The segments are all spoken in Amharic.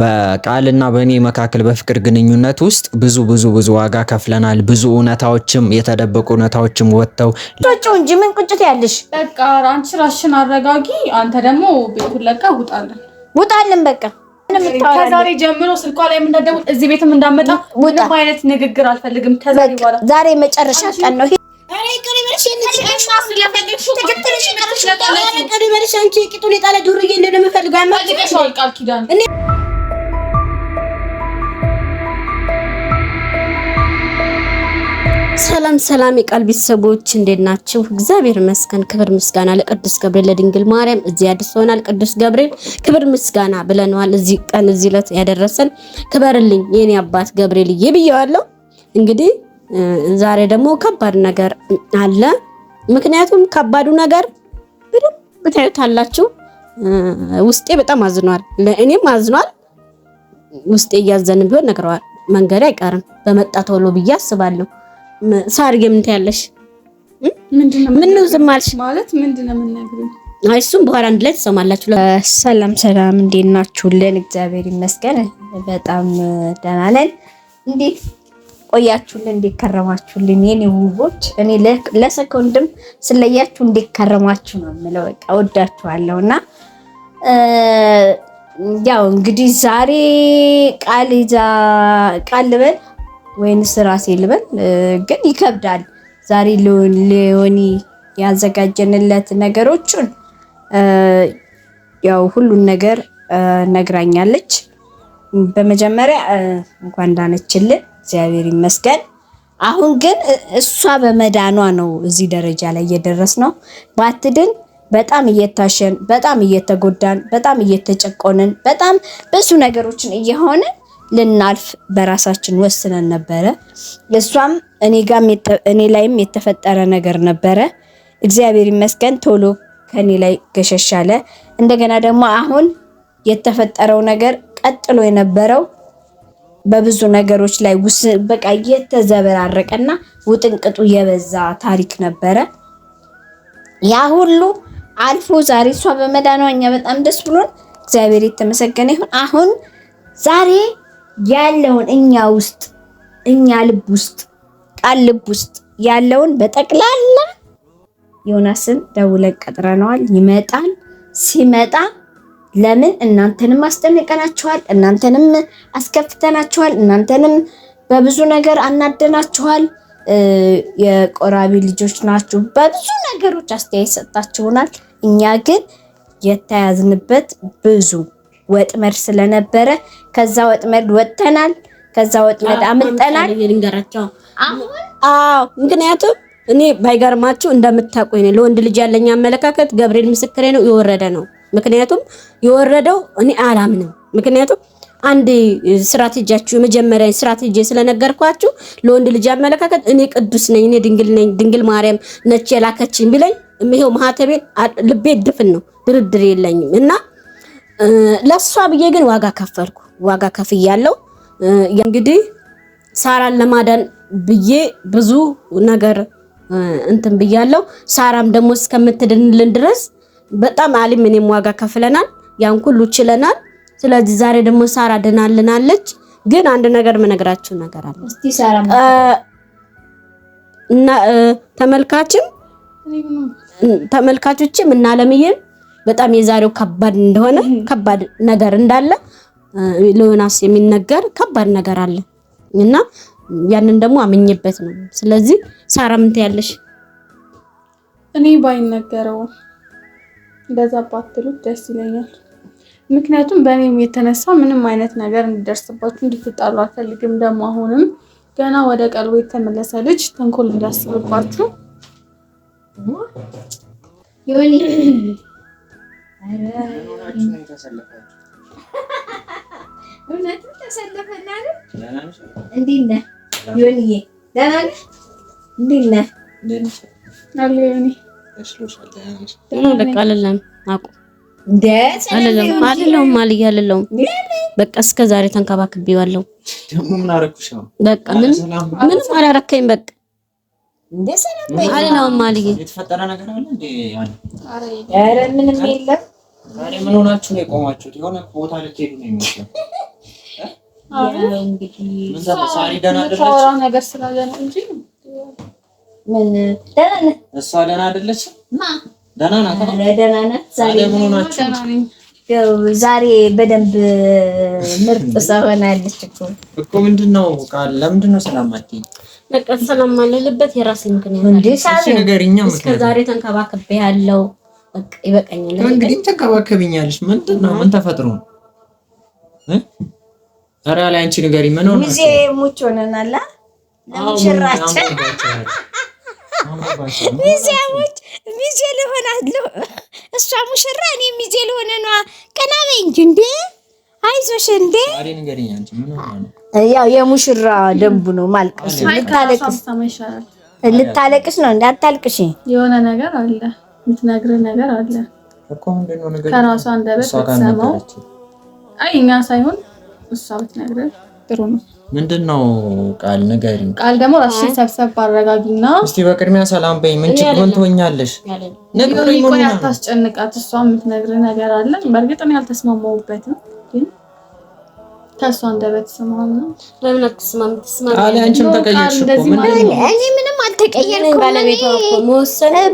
በቃልና በእኔ መካከል በፍቅር ግንኙነት ውስጥ ብዙ ብዙ ብዙ ዋጋ ከፍለናል። ብዙ እውነታዎችም የተደበቁ እውነታዎችም ወጥተው ጮው እንጂ ምን ቁጭት ያለሽ? በቃ አንቺ ራስሽን አረጋጊ። አንተ ደግሞ ቤቱን ለቀህ ውጣልን፣ ውጣልን። በቃ ከዛሬ ጀምሮ ስልኳ ላይ የምንደውል እዚህ ቤትም እንዳመጣ ምንም አይነት ንግግር አልፈልግም። ከዛሬ ዛሬ መጨረሻ ቀን ነው። ሰላም ሰላም የቃል ቤተሰቦች እንዴት ናቸው እግዚአብሔር ይመስገን። ክብር ምስጋና ለቅዱስ ገብርኤል ለድንግል ማርያም። እዚህ አዲስ ሆናል። ቅዱስ ገብርኤል ክብር ምስጋና ብለነዋል። እዚህ ቀን እዚህ ዕለት ያደረሰን ክበርልኝ የኔ አባት ገብርኤልዬ ብየዋለሁ። እንግዲህ ዛሬ ደግሞ ከባድ ነገር አለ። ምክንያቱም ከባዱ ነገር በደንብ ታዩታላችሁ። ውስጤ በጣም አዝኗል፣ ለእኔም አዝኗል። ውስጤ እያዘን ቢሆን ነግረዋል። መንገድ አይቀርም በመጣ ቶሎ ብዬ አስባለሁ። ሳርዬ ምን ያለሽ ምን ዝም አልሽ? ማለት ምንድን ነው አይ እሱም በኋላ አንድ ላይ ትሰማላችሁ። ሰላም ሰላም፣ እንዴት ናችሁልን? እግዚአብሔር ይመስገን በጣም ደህና ነን። እንዴት ቆያችሁልን እንዲከረማችሁልን የኔ ውቦች፣ እኔ ለሰኮንድም ስለያችሁ እንዲከረማችሁ ነው የምለው። በቃ ወዳችኋለሁ እና ያው እንግዲህ ዛሬ ቃል ይዛ ቃል ልበል ወይንስ ራሴ ልበል? ግን ይከብዳል። ዛሬ ሊዮኒ ያዘጋጀንለት ነገሮችን ያው ሁሉን ነገር ነግራኛለች። በመጀመሪያ እንኳን ዳነችልን እግዚአብሔር ይመስገን። አሁን ግን እሷ በመዳኗ ነው እዚህ ደረጃ ላይ እየደረስ ነው። ባትድን በጣም እየታሸን፣ በጣም እየተጎዳን፣ በጣም እየተጨቆንን፣ በጣም ብዙ ነገሮችን እየሆነ ልናልፍ በራሳችን ወስነን ነበረ። እሷም እኔ ጋም እኔ ላይም የተፈጠረ ነገር ነበረ። እግዚአብሔር ይመስገን ቶሎ ከኔ ላይ ገሸሻለ። እንደገና ደግሞ አሁን የተፈጠረው ነገር ቀጥሎ የነበረው በብዙ ነገሮች ላይ ውስ በቃ የተዘበራረቀና ውጥንቅጡ የበዛ ታሪክ ነበረ። ያ ሁሉ አልፎ ዛሬ እሷ በመዳኗ እኛ በጣም ደስ ብሎን እግዚአብሔር የተመሰገነ ይሁን። አሁን ዛሬ ያለውን እኛ ውስጥ እኛ ልብ ውስጥ ቃል ልብ ውስጥ ያለውን በጠቅላላ ዮናስን ደውለን ቀጥረነዋል። ይመጣል። ሲመጣ ለምን እናንተንም አስጨንቀናችኋል፣ እናንተንም አስከፍተናችኋል፣ እናንተንም በብዙ ነገር አናደናችኋል። የቆራቢ ልጆች ናችሁ፣ በብዙ ነገሮች አስተያየት ሰጣችሁናል። እኛ ግን የተያዝንበት ብዙ ወጥመድ ስለነበረ ከዛ ወጥመድ ወጥተናል፣ ከዛ ወጥመድ አምልጠናል። አዎ ምክንያቱም እኔ ባይገርማችሁ እንደምታቆይ ለወንድ ልጅ ያለኝ አመለካከት ገብርኤል ምስክሬ ነው የወረደ ነው ምክንያቱም የወረደው እኔ አላምንም። ምክንያቱም አንድ ስትራቴጂያችሁ የመጀመሪያ ስትራቴጂ ስለነገርኳችሁ ለወንድ ልጅ አመለካከት እኔ ቅዱስ ነኝ፣ እኔ ድንግል ነኝ፣ ድንግል ማርያም ነች የላከችኝ ቢለኝ ይሄው ማህተቤን ልቤ ድፍን ነው፣ ድርድር የለኝም እና ለእሷ ብዬ ግን ዋጋ ከፈልኩ፣ ዋጋ ከፍያለሁ። እንግዲህ ሳራን ለማዳን ብዬ ብዙ ነገር እንትን ብያለሁ። ሳራም ደግሞ እስከምትድንልን ድረስ በጣም አሊም እኔም ዋጋ ከፍለናል፣ ያን ሁሉ ችለናል። ስለዚህ ዛሬ ደግሞ ሳራ ደናልናለች። ግን አንድ ነገር መነግራችሁ ነገር አለ እስቲ ሳራ እና ተመልካችም ተመልካቾችም እና አለምዬም በጣም የዛሬው ከባድ እንደሆነ ከባድ ነገር እንዳለ ለዮናስ የሚነገር ከባድ ነገር አለ እና ያንን ደግሞ አመኝበት ነው። ስለዚህ ሳራ ምን ትያለሽ? እኔ ባይነገረው እንደዛ ባትሉት ደስ ይለኛል። ምክንያቱም በእኔም የተነሳ ምንም አይነት ነገር እንዲደርስባችሁ እንድትጣሉ አልፈልግም። ደግሞ አሁንም ገና ወደ ቀልቦ የተመለሰ ልጅ ተንኮል እንዳስብባችሁ ሆኔ ምን በቃ አይደለም። አቁ አይደለም ማልያ አይደለም። በቃ እስከ ዛሬ ተንከባክቤዋለሁ። በቃ ምንም ምንም አላረከኝ። በቃ የተፈጠረ ነገር አለ እንዴ? ምንም የለም። ምን ሆናችሁ ነው የቆማችሁት? የሆነ ቦታ ልትሄዱ ነው የሚመስለው። ደህና አይደለችም ነገር ስላለ ነው እንጂ ምን ደህና ነህ? እሷ ደህና አይደለችም። ደህና ናት፣ ደህና ናት። ዛሬ ምን ሆናችሁ? ያው ዛሬ በደንብ ምርጥ ሰው ሆናለች እኮ እኮ። ምንድን ቃል ለምንድን ሰላም አትይኝ? በቃ ሰላም ማለልበት የራሴ ምክንያት እንዴ? ሳሪ ነገርኛ እስከ ዛሬ ተንከባከብ ያለው በቃ ይበቃኛል። እንግዲህ ተንከባከብኛለሽ። ምንድን ምን ተፈጥሮ ነው ኧረ ላይ አንቺ ንገሪኝ። ምን ሆነ? ሙቼ ሆነናል። ለሙሽራችን ሚዜዎች ሚዜ ልሆን እሷ ሙሽራ እኔ ሚዜ ልሆነ ነዋ። ቀና በይ እንጂ እንዴ! አይዞሽ እንዴ! ያው የሙሽራ ደንቡ ነው ማልቀስ። ልታለቅስ ነው እንዳታልቅሽ። የሆነ ነገር አለ፣ የምትነግርህ ነገር አለ ከራሷ አንደበት ሰማው። አይ እኛ ሳይሆን እሷ ብትነግርህ ጥሩ ነው። ምንድን ነው ቃል ንገሪኝ። ቃል ደግሞ ራስሽን ሰብሰብ አረጋጊና እስቲ በቅድሚያ ሰላም በይ። ምን ችግሩን ትሆኛለሽ? ንገሪኝ። ያታስጨንቃት እሷ የምትነግርህ ነገር አለ። በእርግጥ ነው ያልተስማማሁበትም ግን ከእሱ አንደበት ስማም ምንም አልተቀየርኩም። ባለቤቷ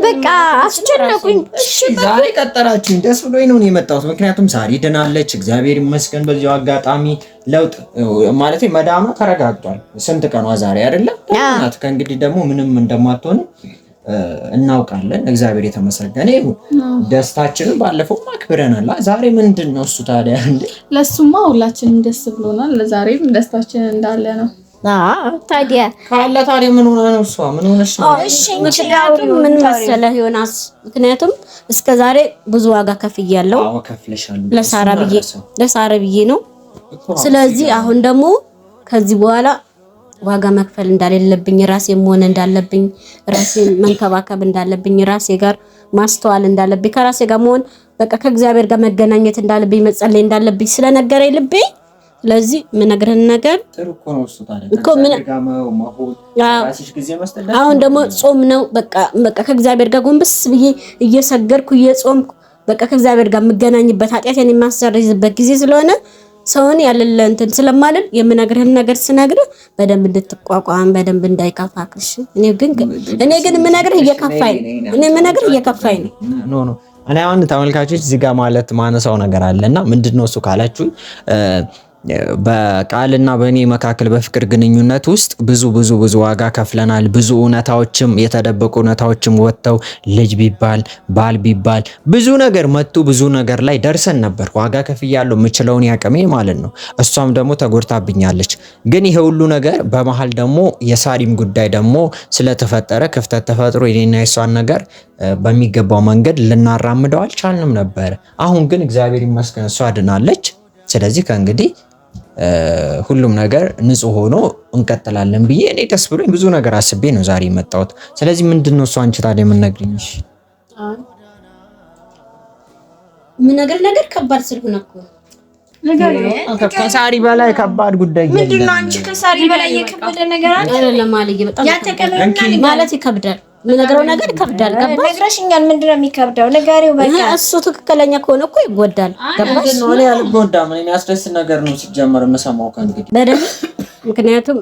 በቃ ዛሬ ቀጠራችሁኝ፣ ደስ ብሎኝ ነው የመጣሁት። ምክንያቱም ሳሪ ድናለች፣ እግዚአብሔር ይመስገን። በዚያው አጋጣሚ ለውጥ ማለት መዳኗ ተረጋግጧል። ስንት ቀኗ ዛሬ አይደለም ከእንግዲህ ደግሞ ምንም እንደማትሆንም እናውቃለን። እግዚአብሔር የተመሰገነ ይሁን። ደስታችንን ባለፈው አክብረናል። ዛሬ ምንድን ነው እሱ ታዲያ? ለሱማ ሁላችንም ደስ ብሎናል። ለዛሬም ደስታችን እንዳለ ነው። ታዲያ ካለ ታዲያ ምን ሆነ ነው እሷ ምን ሆነሽ ነው? እሺ ምክንያቱም ምን መሰለህ ዮናስ፣ ምክንያቱም እስከ ዛሬ ብዙ ዋጋ ከፍያለሁ። ለሳራ ብዬ ለሳራ ብዬ ነው። ስለዚህ አሁን ደግሞ ከዚህ በኋላ ዋጋ መክፈል እንዳሌለብኝ ራሴ መሆን እንዳለብኝ ራሴ መንከባከብ እንዳለብኝ ራሴ ጋር ማስተዋል እንዳለብኝ ከራሴ ጋር መሆን በቃ ከእግዚአብሔር ጋር መገናኘት እንዳለብኝ መጸለይ እንዳለብኝ ስለነገረኝ ልቤ ስለዚህ የምነግርህን ነገር አሁን ደግሞ ጾም ነው። በቃ በቃ ከእግዚአብሔር ጋር ጎንበስ ብዬ እየሰገርኩ እየጾምኩ በቃ ከእግዚአብሔር ጋር የምገናኝበት ኃጢአቴን የማሰርዝበት ጊዜ ስለሆነ ሰውን ያለለ እንትን ስለማልል የምነግርህን ነገር ስነግርህ በደንብ እንድትቋቋም በደንብ እንዳይከፋክ። እኔ ግን እኔ ግን የምነግርህ እየከፋኝ ነው። እኔ የምነግርህ እየከፋኝ ነው። ኖ ኖ እኔ አሁን ተመልካቾች እዚህ ጋር ማለት ማነሳው ነገር አለና ምንድነው እሱ ካላችሁኝ በቃልና በእኔ መካከል በፍቅር ግንኙነት ውስጥ ብዙ ብዙ ብዙ ዋጋ ከፍለናል። ብዙ እውነታዎችም የተደበቁ እውነታዎችም ወጥተው ልጅ ቢባል ባል ቢባል ብዙ ነገር መጡ። ብዙ ነገር ላይ ደርሰን ነበር። ዋጋ ከፍያለሁ፣ የምችለውን ያቅሜ ማለት ነው። እሷም ደግሞ ተጎድታብኛለች። ግን ይሄ ሁሉ ነገር በመሀል ደግሞ የሳሪም ጉዳይ ደግሞ ስለተፈጠረ ክፍተት ተፈጥሮ የኔና የሷን ነገር በሚገባው መንገድ ልናራምደው አልቻልንም ነበር አሁን ግን እግዚአብሔር ይመስገን እሷ ድናለች። ስለዚህ ከእንግዲህ ሁሉም ነገር ንጹህ ሆኖ እንቀጥላለን ብዬ እኔ ደስ ብሎኝ ብዙ ነገር አስቤ ነው ዛሬ የመጣሁት። ስለዚህ ምንድን ነው እሱ አንቺ ታዲያ የምንነግርኝ? ነገር ነገር ከባድ ስለሆነ እኮ ከሳሪ በላይ ከባድ ጉዳይ ምንድን ነው? አንቺ ከሳሪ በላይ የከበደ ነገር አለ ማለት ይከብዳል። የምነግረው ነገር ይከብዳል። ገባሽ? ነግረሽኛል። ምንድን ነው የሚከብደው? ንገሪው በቃ። እሱ ትክክለኛ ከሆነ እኮ ይጎዳል። ገባሽ? እኔ አልጎዳም። እኔ ያስደስት ነገር ነው ሲጀመር የምሰማው ከእንግዲህ በደንብ ምክንያቱም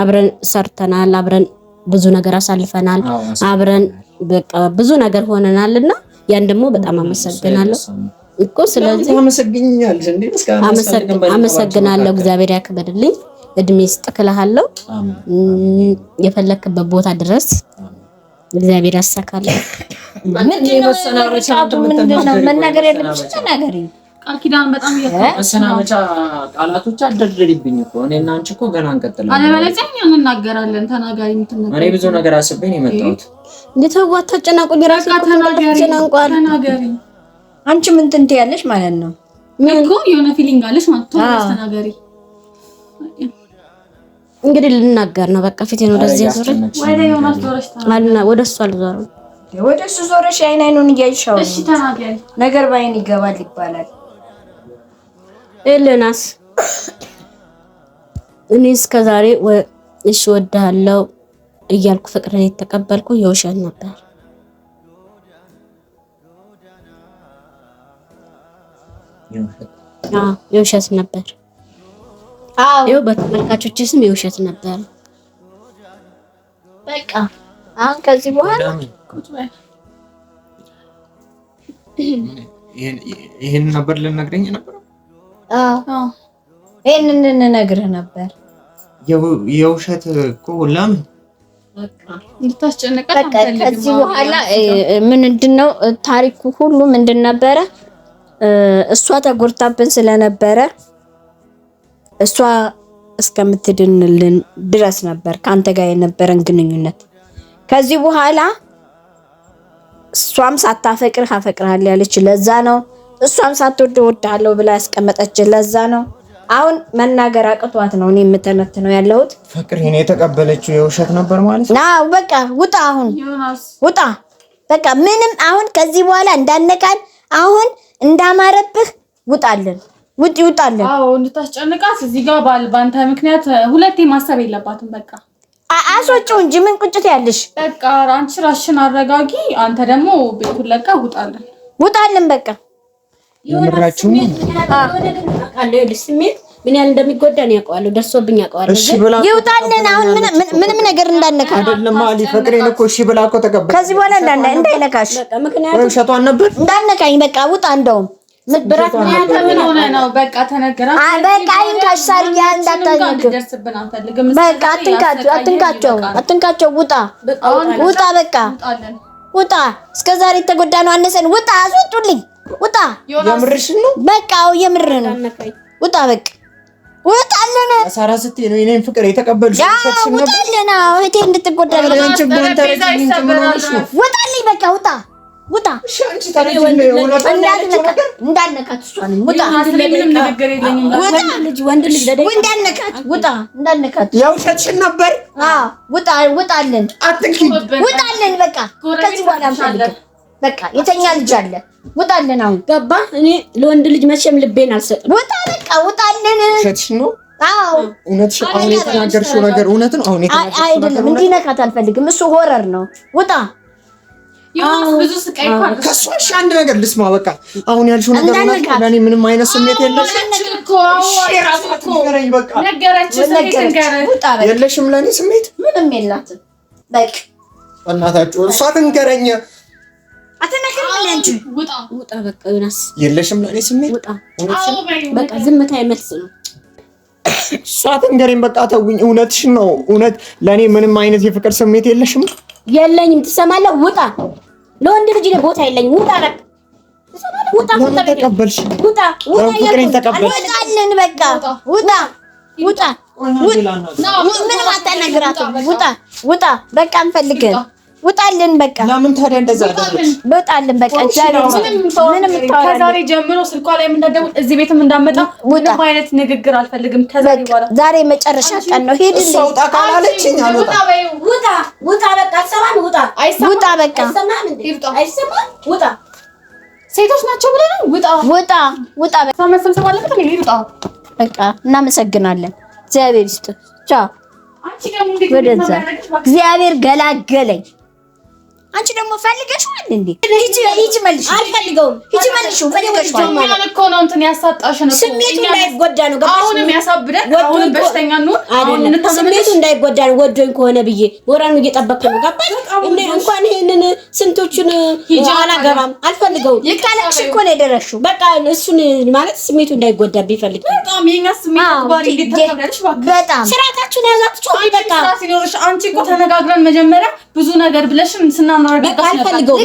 አብረን ሰርተናል፣ አብረን ብዙ ነገር አሳልፈናል፣ አብረን በቃ ብዙ ነገር ሆነናል እና ያን ደግሞ በጣም አመሰግናለሁ እኮ ስለዚህ አመሰግናለሁ። እግዚአብሔር ያክብርልኝ፣ እድሜ ስጥ እልሃለሁ የፈለክበት ቦታ ድረስ እግዚአብሔር ያሳካለን። መናገር ያለብሽ ተናገሪ። ቃል ኪዳን በጣም መሰናበቻ ቃላቶች አደርድርብኝ እኮ እኔ እና አንቺ እኮ ገና እንቀጥላለን። ተናጋሪ ብዙ ነገር ተናጋሪ አንቺ ምን እንትን ማለት ነው እኮ የሆነ ፊሊንግ አለሽ ማለት ነው። ተናጋሪ እንግዲህ ልናገር ነው በቃ ፊቴን ወደዚህ ዞረ ወደ እሱ አልዞርም። ወደ እሱ ዞረሽ አይን አይኑን እያይሻው ነገር በአይን ይገባል ይባላል። ኤሌናስ እኔ እስከ ዛሬ እሺ ወድሃለሁ እያልኩ ፍቅርን የተቀበልኩ የውሸት ነበር። የውሸት ነበር ይኸው በተመልካቾች ስም የውሸት ነበር። በቃ አሁን ከዚህ በኋላ ይሄን ነበር ልነግረኝ ነበር። ነበር። የውሸት እኮ ለምን ከዚህ በኋላ ምንድን ነው ታሪኩ ሁሉ ምንድን ነበረ? እሷ ተጎድታብን ስለነበረ እሷ እስከምትድንልን ድረስ ነበር ከአንተ ጋር የነበረን ግንኙነት። ከዚህ በኋላ እሷም ሳታፈቅርህ አፈቅርሃለሁ ያለች ለዛ ነው። እሷም ሳትወድ እወድሃለሁ ብላ ያስቀመጠች ለዛ ነው። አሁን መናገር አቅቷት ነው እኔ የምተነት ነው ያለሁት። ፍቅር እኔ የተቀበለችው የውሸት ነበር ማለት ነው። በቃ ውጣ፣ አሁን ውጣ፣ በቃ ምንም አሁን ከዚህ በኋላ እንዳነቃል አሁን እንዳማረብህ ውጣልን። ውጭ ይውጣለን። አዎ እንድታስጨንቃት እዚህ ጋር ባል ባንተ ምክንያት ሁለቴ ማሰብ የለባትም። በቃ አስወጪው እንጂ ምን ቁጭት ያለሽ? በቃ አንቺ ራስሽን አረጋጊ። አንተ ደግሞ ቤቱን ለቃ ውጣለን፣ ውጣለን። በቃ የምራችሁ ስሜት ምን ያህል ነው ያውቀዋለሁ። ደርሶብኝ ያውቀዋለሁ። ይውጣልን። አሁን ምንም ነገር እንዳነካ አይደለም አሊ ፍቅሬን እኮ እሺ ብላ እኮ ተቀበል። ከዚህ በኋላ እንዳነ እንዳይነካሽ። ምክንያቱም ሸቷን ነበር እንዳነካኝ። በቃ ውጣ እንደውም ስብራት ምን ሆነ አትንካቸው፣ ውጣ ውጣ፣ በቃ ውጣ። እስከ ዛሬ የተጎዳ ነው አነሰን። ውጣ፣ አስወጡልኝ። ውጣ። የምርሽን ነው? በቃ የምር ነው። ውጣ፣ በቃ ውጣልን። ሳራ ስትይ ነው የእኔን ፍቅር የተቀበልሽው? ውጣልን። እህቴ እንድትጎዳ ውጣልኝ። በቃ ውጣ ውጣ እንዳነካት ልጅ እንዳነካት የውሸትሽን ነበር። ውጣልን፣ ውጣልን። በቃ ከዚህ በኋላ በቃ የተኛ ልጅ አለ። ውጣልን። አሁን ገባ። እኔ ለወንድ ልጅ መቼም ልቤን አልሰጥም። ውጣ፣ በቃ ውጣልን። ውሸትሽን ነው። አሁን የተናገርሽው ነገር እውነት ነው። አይደለም። እንዲነካት አልፈልግም። እሱ ሆረር ነው። ውጣ ከእሷ እሺ፣ አንድ ነገር ልስማ። በቃ አሁን ያልሽው ነገር ለእኔ ምንም አይነት ስሜት የለሽም። ለእኔ ስሜት ምንም የላትም። በእናታችሁ እሷ ትንገረኝ። የለሽም ለእኔ ስሜት። ዝምታ የመልስ ነው። እሷ ትንገረኝ። በቃ ተውኝ። ነው። እውነት ለእኔ ምንም አይነት የፍቅር ስሜት የለሽም። የለኝም። ትሰማለህ? ውጣ። ለወንድ ልጅ ነው ቦታ የለኝም። ውጣ በቃ ትሰማለህ? ውጣ። ተቀበልሽ? ውጣ፣ ውጣ፣ እንወጣለን። በቃ ውጣ፣ ውጣ፣ ምንም አታናግራትም። ውጣ፣ ውጣ፣ በቃ እንፈልግህ ውጣልን በቃ ለምን ታዲያ እንደዛ አደረግሽ? ውጣልን በቃ እግዚአብሔር ምንም ከዛሬ ጀምሮ ስልኳ ላይ የምንደውል እዚህ ቤትም እንዳመጣ ምንም አይነት ንግግር አልፈልግም። ከዛሬ በኋላ ዛሬ መጨረሻ ቀን ነው። ሄድ እንዴ ውጣ ካላለችኝ አልወጣ። ውጣ ውጣ በቃ ሰማን ውጣ አይሰማም። ውጣ በቃ አይሰማም እንዴ አይሰማም። ውጣ ሴቶች ናቸው ብለህ ነው? ውጣ ውጣ ውጣ በቃ መሰብሰብ አለበት እንዴ ውጣ በቃ እናመሰግናለን። እግዚአብሔር ይስጥ። ቻው። ወደዛ እግዚአብሔር ገላገለኝ። አንቺ ደግሞ ፈልገሽዋል እንዴ? ሂጂ ሂጂ መልሽ። አልፈልገውም። ሂጂ መልሽ። ፈልገሽዋል ማለት ነው እኮ ነው። እንትን ያሳጣሽ ነው። ስሜቱ እንዳይጎዳ ነው። ገባሽ? አሁን ያሳብዳል። አሁንም በሽተኛ ነው። አይደለም ስሜቱ እንዳይጎዳ ነው። ወዶኝ ከሆነ ብዬ ወራኑ እየጠበቀ ነው። ገባሽ እንዴ? እንኳን ይሄንን ስንቶቹን ሂጂ። አላገባም። አልፈልገውም። ይካለክሽ እኮ ነው የደረሽው። በቃ እሱን ማለት ስሜቱ እንዳይጎዳ ቢፈልግ በጣም የኛ ስሜት ባሪ እንዴት ተከብዳለሽ። በቃ በጣም ስራታችሁን ያዛችሁ። በቃ አንቺ እኮ ተነጋግረን መጀመሪያ ብዙ ነገር ብለሽም ስናኖር በቃ አልፈልገውም።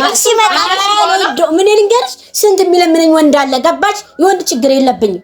ምን ልንገርሽ፣ ስንት የሚለምነኝ ወንድ አለ። ገባች የወንድ ችግር የለብኝም።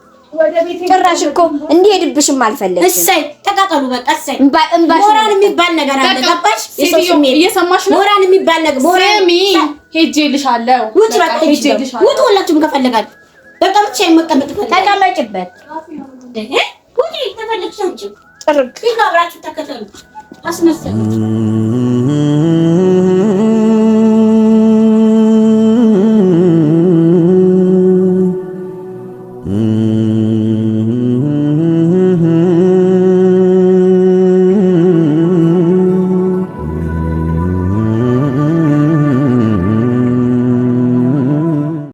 ጭራሽ እኮ እንዲሄድብሽም አልፈለግም። እሰይ ተቃጠሉ በቃ እሰይ። ሞራን የሚባል ነገር አለ። ገባሽ? እየሰማሽ ነው። ሞራን የሚባል ነገር ሞራን ሚ ሄጄ ልሻለሁ። ውጭ በቃ ሄጄ ልሻለሁ። ውጡ ሁላችሁም ከፈለጋችሁ። በቃ ብቻ የመቀመጥ ፈልጋ ተቀመጭበት። ውጪ ተፈለግሽ አንቺ ጥርቅ ይጋብራችሁ ተከተሉ አስመሰሉ